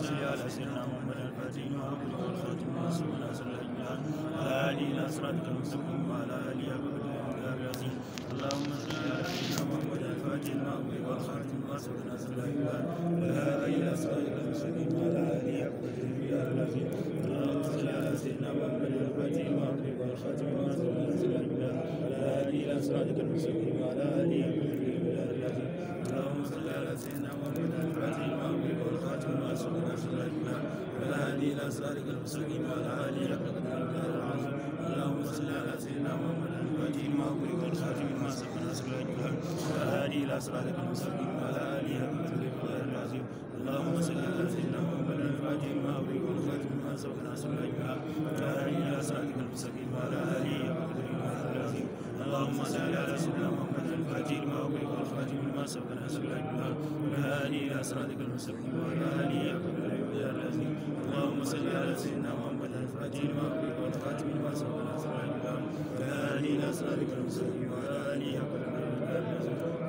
صل على سيدنا محمد الفاتح لما أغلق والخاتم لما سبق ناصر الأجمال وعلى آله صراطك المستقيم وعلى آله أبدا العظيم اللهم صل على سيدنا محمد الفاتح لما أغلق والخاتم لما سبق ناصر الأجمال وعلى آله صراطك المستقيم وعلى آله أبدا العظيم اللهم صل على سيدنا محمد الفاتح لما أغلق والخاتم لما سبق ناصر الأجمال وعلى آله صراطك المستقيم وعلى آله أبدا وصل سيدنا محمد الفاتح المؤمن والخاتم الاسود والرسول الاجمع والهادي الى صراطك المستقيم وعلى اله حق قدره العظيم اللهم صل على سيدنا محمد الفاتح المؤمن والخاتم الاسود والرسول الاجمع والهادي الى صراطك المستقيم وعلى اله حق قدره العظيم اللهم صل على سيدنا محمد الفاتح المؤمن والخاتم الاسود والرسول الاجمع صدقنا سبحانك اللهم هادي الى صراطك المستقيم وعلى اله وصحبه اجمعين اللهم صل على سيدنا محمد الفاتح لما اغلق والخاتم لما سبق ناصر الامام هادي الى صراطك المستقيم وعلى اله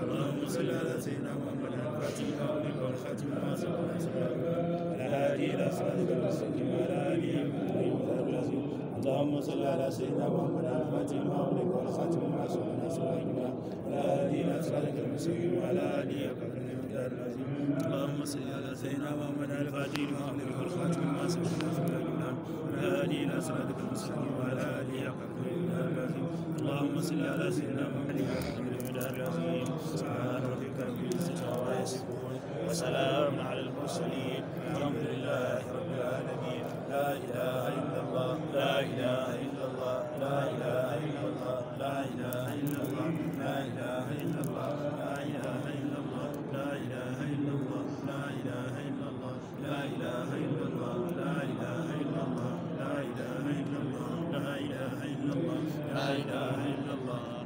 اللهم صل على سيدنا محمد الفاتح لما اغلق والخاتم لما سبق ناصر الامام هادي الى صراطك المستقيم وعلى اله وصحبه اجمعين اللهم صل على سيدنا محمد الفاتح لما اغلق والخاتم أسألك المسيء وعلى آله قدر مقدار العظيم اللهم صل على سيدنا محمد الفاتح وأمره والخاتم ما سبق وعلى آله إلى صراطك وعلى آله قدر مقدار العظيم اللهم صل على سيدنا محمد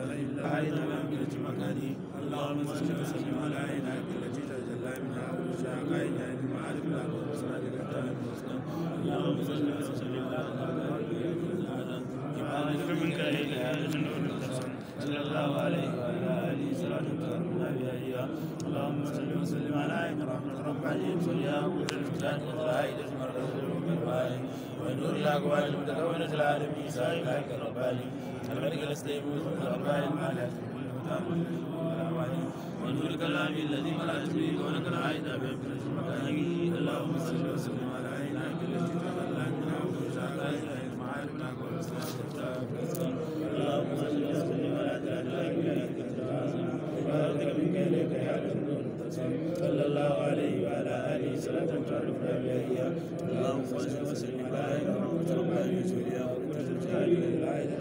أعيدنا من مكانه اللهم صل وسلم على عينك التي تتجلى منها وتشاء قائدها كما عرف لك وبصرك حتى المسلم اللهم صل وسلم على عبادك منك إلى هذا صلى الله عليه وسلم اللهم صل وسلم على عين رحمة رب العالمين صليا وقوت المساك والغائد اسم الرسول والبالي ونور الأقوال المتكونة العالمين سائلك رب العالمين الملك الاستيبوس والأرباء المالك كل مدار ونور كلامي الذي ملا جبريل ولك العائد بأمر مكانه اللهم صل وسلم على عين عين التي تغلى من عمر الله عليه وعلى آله صلاة تعرفنا بها اللهم صل وسلم على محمد ربنا يسوع وكنت الجاهل العائلة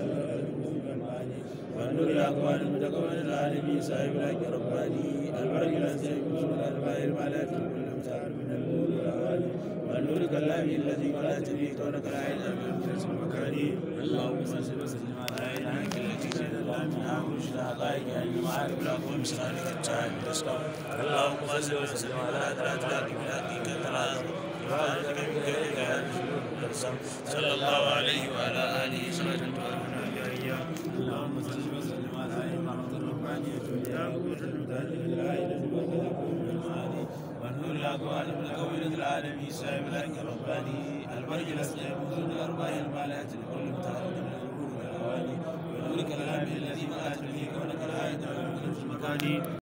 والنور الأقوال المتقون العالمين صاحب الحق رباني البركة على والنور الأربعين كل المتعال من النور والأوالي والنور كلامي الذي ولا تبيه كونك العائلة من المكاني اللهم صل وسلم على عينك وجل أعضائك علم معارف لا قوم سخالك التعالي تسلم اللهم صل وسلم على أدراتك بهديك التراث وعادك من كيدك هذا الجنوب صلى الله عليه وعلى آله صلاة تؤمن بها إياه اللهم صل وسلم على إمامة الربانية يا قوة المتعلم العائلة والتذكر بالمعاني ونور الأقوال من قويلة العالم سائب الحق الرباني البرج الأسلام وزن الأربعين المالئة لكل متعلق من الأمور والأواني ولك العالمين الذي منعت الملك ولك العائد على في مكان